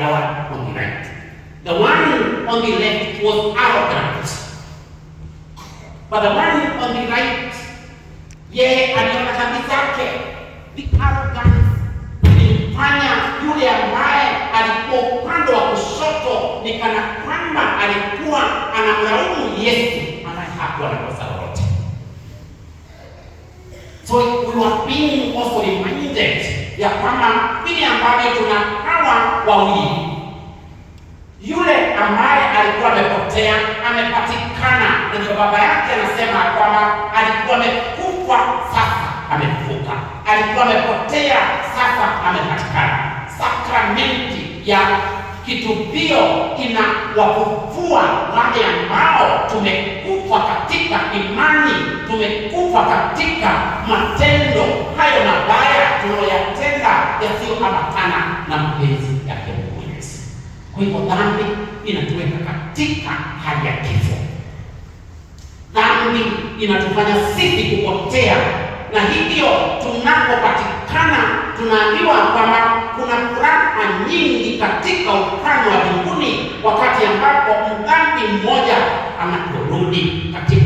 one on the right. The one on the left was arrogant. But the one on the right, yeah, yeye aliona kabisa yake the arrogance ilimfanya yule ambaye alikuwa upande wa kushoto ni kana kwamba alikuwa anamlaumu Yesu ambaye hakuwa na kosa lolote. So we were being also reminded ya kwamba vile ambavyo wawili, yule ambaye alikuwa amepotea amepatikana, ndio baba yake anasema kwamba alikuwa amekufa, sasa amefufuka, alikuwa amepotea, sasa amepatikana. Sakramenti ya kitubio inawafufua wale ambao tumekufa katika imani, tumekufa katika matendo hayo mabaya tunayoyatenda yasiyoambatana na mpenzi kwa hivyo dhambi inatuweka katika hali ya kifo. Dhambi inatufanya sisi kupotea, na hivyo tunapopatikana tunaambiwa kwamba kuna furaha nyingi katika ufalme wa mbinguni, wakati ambapo mdhambi mmoja anaporudi katika